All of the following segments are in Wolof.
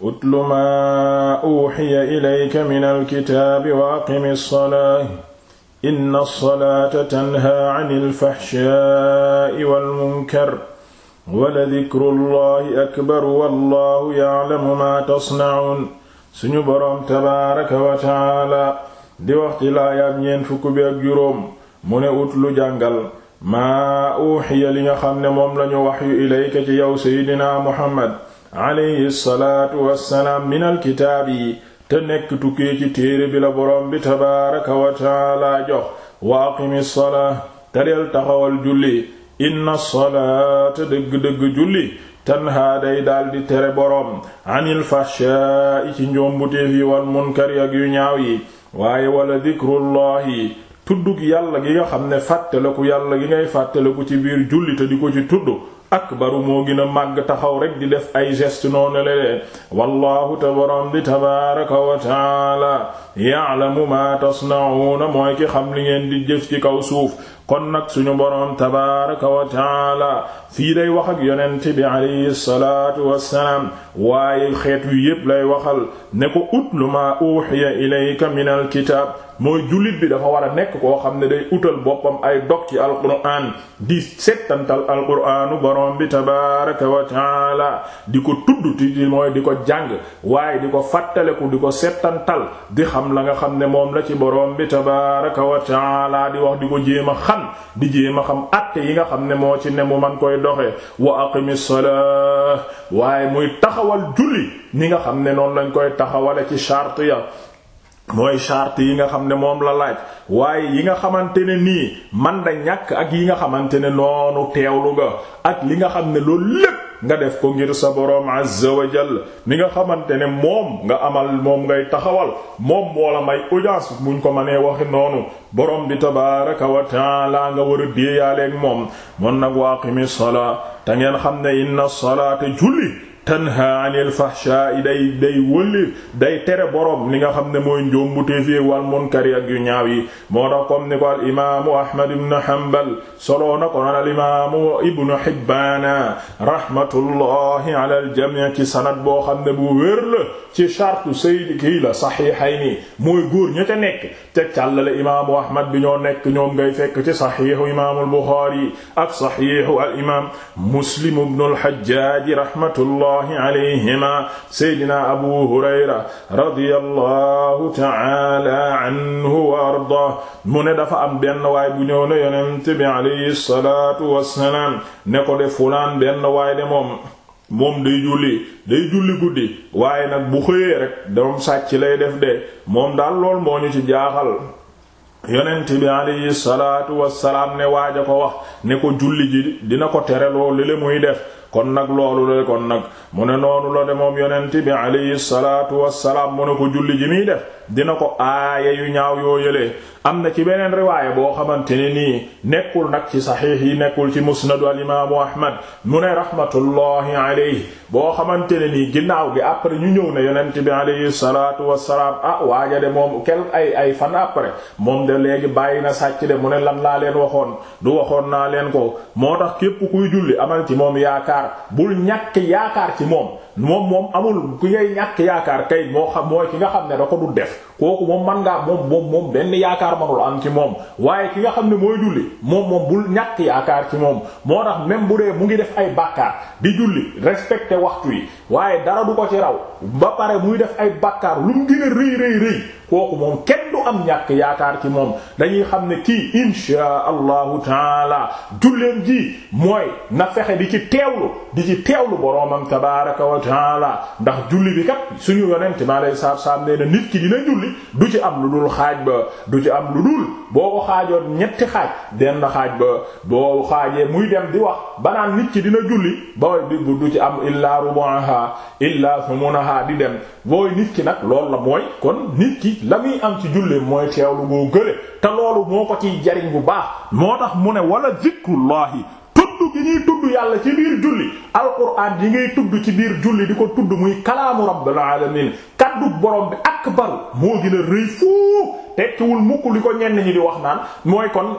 utlu maa uuxiya ilayka min alkitaabi wa aqimi alsolaa inna alsolaata tanhaa can alfaxshaai walmunkar waladikru allahi akbar wallahu yaclamu maa tasnacuun suñu boroom tabaaraka wa tacaala di waxti laayaab ñeen fukk bi ak juróom mu ne utlu jàngal maa uuxiya li nga xam ne moom lañu waxyu ilayka ci yow seydinaa muhammad alayhi salaatu wassalaam minal kitaab yi te nekk tukkee ci téere bi la boroom bi tabaaraka wa taala jox wa aqimi te deel taxawal julli inna salaata dëgg-dëgg julli tanhaa day daldi tere boroom anil fahshaa'i ci njombuteef yi wal munkari ak yu ñaaw yi waaye wala yi tuddug yàlla gi nga xam ne fàttaliku yàlla gi ngay fàttaliku ci biir julli te di ko ci tudd akbaru moo gën a màgg taxaw rek di def ay geste noonu la de wallahu te borom bi tabaraka wa taala ya'lamu ma tasna'una mooy ki xam li ngeen di jëf ci kaw suuf kon nag suñu boroom tabaaraka wa taala fii day wax ak yonent bi alayhi salaatu wassalaam waaye xeet yu yépp lay waxal ne ko ma maa uhiya ilayka min al kitaab mooy jullit bi dafa war a nekk koo xam ne day utal boppam ay dog ci alquraan di settantal alquraanu boroom bi tabaaraka wa taala di ko tudd ti mooy di ko jàng waaye di ko fàttaleku di ko settantal di xam la nga xam ne moom la ci boroom bi tabaaraka wa taala di wax di ko jéem man di jéem a xam atte yi nga xam ne moo ci ne mu man koy doxee wa aqimi salaa waaye muy taxawal julli ni nga xam ne noonu lañ koy taxawale ci charte ya mooy charte yi nga xam ne moom la laaj waaye yi nga xamante ne nii man da ñàkk ak yi nga xamante ne noonu teewlu ga ak li nga xam ne loolu lépp nga def ko ngir sa boroom azza wa jall ni nga xamante ne moom nga amal moom ngay taxawal moom moo la may audience muñ ko mënee waxi noonu boroom bi tabaaraka wa laa nga war a déeyaaleeg moom mon nag waaqimi salaa te ngeen xam ne inna salaata julli tanha anil fahsha'i day day wëlli day tere boroom li nga xam ne mooy njóombuteef yi wal munkar ak yu ñaaw yi moo tax comme ni ko al imaamu ahmad ibn hanbal soloo na ko al imaamu ibnu hibbaana rahmatullahi al jami' ci sanad boo xam ne bu wér la ci shartu sayd kii la sahihayni mooy góor ña ca nekk te càllale imaamu ahmad bi ñoo nekk ñoom ngay fekk ci sahihu imaamu al buxaari ak sahihu al imaam muslim ibnu al hajjaaj rahmatullah rahmatullahi alayhima seydina abu hurayra radiyallahu ta'ala anhu wa arda mu ne dafa am benn waay bu ñëw na yonent bi alayhi salaatu wassalaam ne ko de fulaan benn waay de moom moom day julli day julli guddi waaye nag bu xëyee rek doom sàcc lay def de moom daal lool moo ñu ci jaaxal yonent bi alayhi salaatu wassalaam ne waaj ko wax ne ko julli ji dina ko tere loolu le muy def kon nag loolu la kon nag mu ne noonu loo de moom yonent bi alayhi salaatu wassalaam mu ne ko julli ji muy def dina ko aaya yu ñaaw yoo yëlee am na ci beneen riwaaya boo xamante ne nii nekkul nag ci saxiix yi nekkul ci musnadu al imaamu ahmad mu ne rahmatullahi alayhi boo xamante ne nii ginnaaw gi après ñu ñëw ne yonent bi alayhi salaatu wassalaam ah waaja de moom kel ay ay fan après moom de léegi bàyyi na sàcc de mu ne lan laa leen waxoon du waxoon naa leen ko bul ñàkk yaakaar ci moom moom moom amul ku ngay ñàkk yaakaar kay moo xam mooy ki nga xam ne da ko du def kooku moom man ngaa moom moom moom benn yaakaar manul am ci moom waaye ki nga xam ne mooy julli moom moom bul ñàkk yaakaar ci moom moo tax même bu dee mu ngi def ay bàkkaar di julli respecté waxtu yi waaye dara du ko ci raw ba pare muy def ay bàkkaar lu mu gën a rëy rëy kooku moom kenn du am ñàkk yaakaar ci moom dañuy xam ne kii insha allahu taala julleen ji mooy na fexe di ci teewlu di ci teewlu boroomam taala ndax julli bi kat suñu yonent maa lay saab saab nee na nit ki dina julli du ci am lu dul xaaj ba du ci am lu dul boo ko xaajoon ñetti xaaj denn xaaj ba boo xaajee muy dem di wax banaan nit ki dina julli ba way du ci am illaa rubuha illaa thumunaha di dem booy nit ki nag loolu la mooy kon nit ki la muy am ci julli mooy teewlu boo gële te loolu moo ko ciy jariñ bu baax moo tax mu ne wala zikrullahi tudd gi ñuy tudd yàlla ci biir julli alquran yi ngay tudd ci biir julli di ko tudd muy kalaamu rabbil alamin kaddu borom bi akbaru moo gën a rëy foofu tekkiwul mukk li ko ñenn ñi di wax naan mooy kon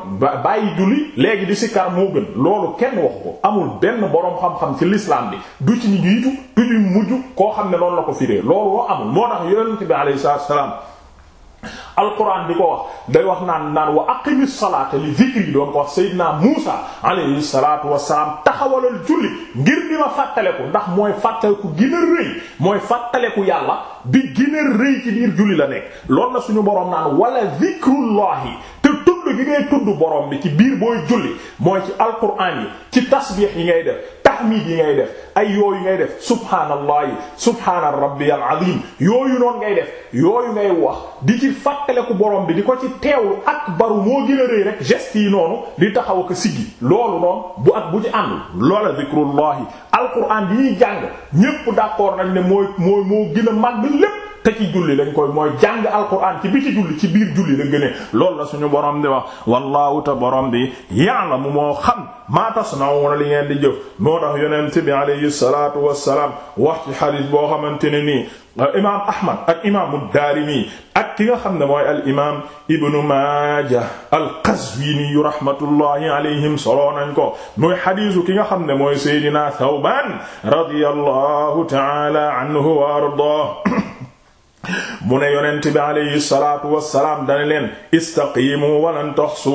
bàyyi julli léegi di sikkar moo gën loolu kenn waxu ko amul benn borom xam-xam ci lislaam bi du ci ñu jiitu du ci mujj koo xam ne loolu la ko firee loolu loo amul moo tax yonent bi alayhi salaam alquran di ko wax day wax naan naan wa aqimi salaata li zikri doon ko wax Seydina Muusa alayhi salaatu wasalaam taxawalal julli ngir di ma fàttaleku ndax mooy fàttaleku gën a rëy mooy fàttaleku yàlla bi gën a rëy ci biir julli la nekk loolu la suñu boroom naan wala zikrullahi te tudd gi ngay tudd boroom bi ci biir booy julli mooy ci alquran yi ci tasbiix yi ngay def tahmid yi ngay def ay yooyu ngay def subhaanallahi subhaana rabbiyal azim yooyu noonu ngay def yooyu ngay wax di ci fàttaleku borom bi di ko ci teewlu akbaru moo gën a rek geste yi noonu di taxaw ak siggi loolu noonu bu ak bu ci àndul loola zikrullahi alquran bi ñuy jàng ñépp d'accord nañ ne mooy mooy moo gën a mag lépp te ci julli lañ koy mooy jàng alquran ci biti julli ci biir julli la gënee loolu la suñu borom di wax wallaahu te borom bi ya'lamu moo xam maa tasna'una li ngeen di jëf moo tax yonent bi alayhi salaatu wassalaam wax ci xadiis boo xamante ne nii imaam Ahmad ak imaamu Daarimi ak ki nga xam ne mooy al imaam Ibnu Maaja al Qazwiini rahmatullahi alayhim soloo nañ ko mooy xadiisu ki nga xam ne mooy Seydina Thawbaan radiyallahu ta'ala anhu wa ardaahu mu ne yonent bi alayhi salaatu wassalaam dana leen istaqiimu walan tuhsu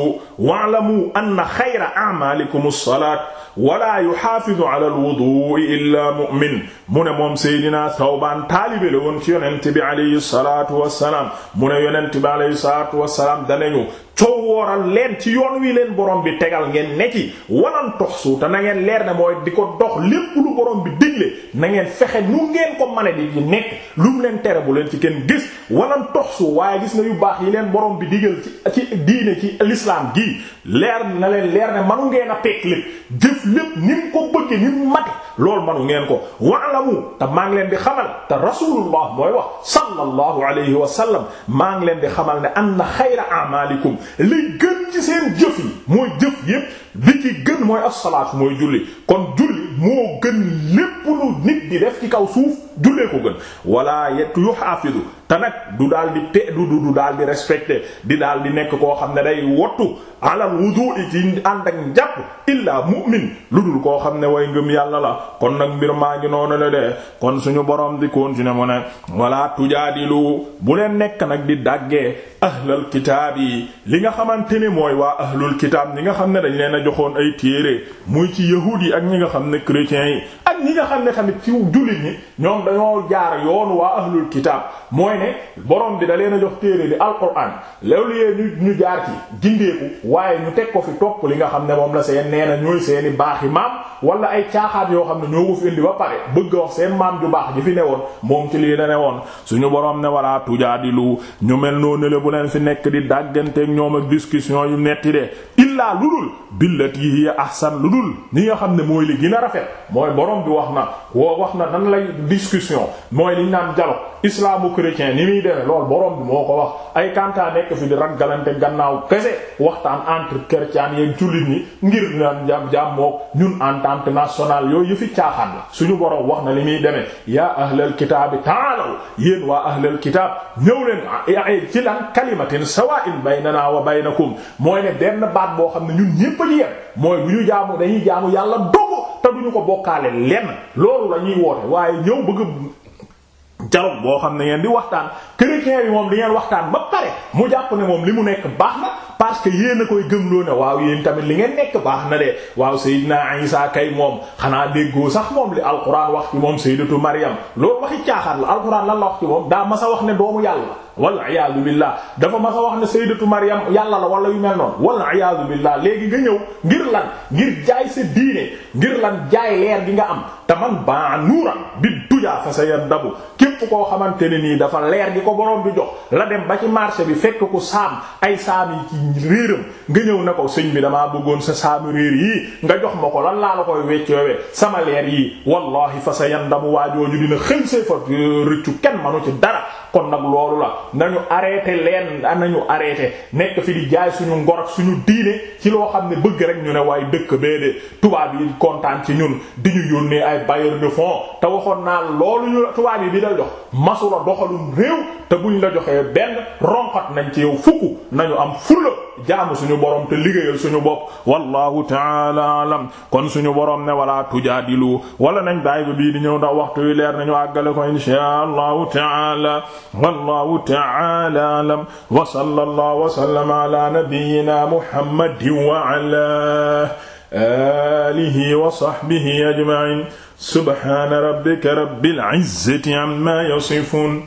wa'lamu anna xayra a'maalikum as-salaat wala yuhaafidu ala al-wudu'i illa mu'min mu ne moom Seydina Sawbaan taalibe la woon ci yonent bi alayhi salaatu wassalaam mu ne yonent bi alayhi salaatu wassalaam danañu coow wooral leen ci yoon wii leen borom bi tegal ngeen ne ci walan tox suuta na ngeen leer ne mooy di ko dox lépp lu borom bi digle na ngeen fexe nu ngeen ko mane di nekk lu mu leen tere bu leen ci kenn gis walan tox su waaye gis na yu baax yi leen boroom bi digal ci ci diine ci lislaam gii leer na leen leer ne manu ngeen a peek lépp jëf lépp ni mu ko bëgge ni mu mate loolu manu ngeen ko waalamu te maa ngi leen di xamal te rasulullah mooy wax sallallahu alayhi wa sallam maa ngi leen di xamal ne anna xayra a'malikum li gën ci seen jëf yi mooy jëf bi ci gën mooy as-salaatu mooy julli kon julli moo gën lépp lu nit di def ci kaw suuf jullee ko gën wala yet yu xaafidu te nag du daal di te du du daal di respecté di daal nekk koo xam ne day wottu alal wudu'i ci ànd ak njàpp illaa mu'min lu dul koo xam ne way ngëm yàlla la kon nag mbir maa ngi noonu la de kon suñu borom di continuer mu ne wala tujaadilu bu leen nekk nag di dàggee ahlal kitaab yi li nga xamante ni mooy waa ahlul kitaab li nga xam ne dañ joxoon ay téere muy ci yahuud yi ak ñi nga xam ne chrétiens yi ak ñi nga xam ne tamit ci jullit ñi ñoom dañoo jaar yoonu waa ahlul kitaab mooy ne borom bi da leen a jox téere di alquran loolu yee ñu ñu jaar ci gindeeku waaye ñu teg ko fi topp li nga xam ne moom la seen nee na ñooy seeni baaxi maam wala ay caaxaat yoo xam ne ñoo ko fi indi ba pare bëgg a wax seen maam ju baax ji fi woon moom ci lii la woon suñu borom ne wala tujaadilu ñu mel noonu la bu leen fi nekk di dàgganteeg ñoom ak discussion yu netti billati hiya ahsan lu dul ni nga xam ne mooy li gën a rafet mooy borom bi wax na woo wax na nan lay discussion mooy liñ naan dialogue islamo-chrétien ni muy demee loolu borom bi moo ko wax ay kantaa nekk fi di raggalante gannaaw kese waxtaan entre chrétiens yeeg jullit ñi ngir naan jàmm jàmm mook ñun entente nationale yooyu yëfi caaxaan la suñu borom wax na li muy demee yaa ahlal kitaabi taalaw yéen waa ahlal kitaab ñëw leen ah, eh, eh, ci lan kalimatin sawa'in baynana wa baynakum mooy ne benn baat boo xam mooy bu ñu jaamu dañuy jaamu yàlla dogu te ñu ko bokkaale lenn loolu la ñuy woote waaye ñëw bëgg jarul boo xam ne ngeen di waxtaan chrétien yi moom li ngeen waxtaan ba pare mu jàpp ne moom li mu nekk baax na parce que yéen a koy gëmloo ne waaw yéen tamit li ngeen nekk baax na de waaw Seydina Isa kay moom xanaa déggoo sax moom li alquran wax ci moom Sayyidatu Maryam loolu waxi caaxaan la alquran lan la wax ci moom daa masa wax ne doomu yàlla wal iyaadu billah dafa ma a wax ne sayyidatu Maryam yàlla la wala yu mel noonu wal iyaadu billah léegi nga ñëw ngir lan ngir jaay sa diine ngir lan jaay leer gi nga am te man baa nuuran bi dujaa fa sa yan dabu képp koo xamante ne nii dafa leer gi ko borom bi jox la dem ba ci marché bi fekk ko saam ay saam yi ci réeram nga ñëw ne ko sëñ bi damaa bëggoon sa saamu réer yi nga jox ma ko lan laa la koy weccoowee sama leer yi wallahi fa sa yan dabu waajooju dina xëy see fa euh, kenn manu ci dara kon nag loolu la nañu arrêté leen nañu arrêté nekk fi di jaay suñu ngor suñu diine ci loo xam ne bëgg rek ñu ne waaye dëkk bee de tubaab yi kontaan ci ñun di ñu yónnee ay bailleurs de fonds te waxoon naa loolu ñu tubaab yi bi la jox masula doxalum réew te buñ la joxee benn ronkat nañ ci yow fukk nañu am fulla jaamu suñu borom te liggéeyal suñu bopp wallahu taala alam kon suñu borom ne wala tujaadilu wala nañ daay ba bii di ñëw ndax waxtu yu leer nañu àggale ko insha allahu taala wallahu taala alam wa sallallahu wa sallama ala nabiyyina muhammadin wa ala alihi wa sahbihi ajma'in subhana rabbika rabbil izzati amma yasifun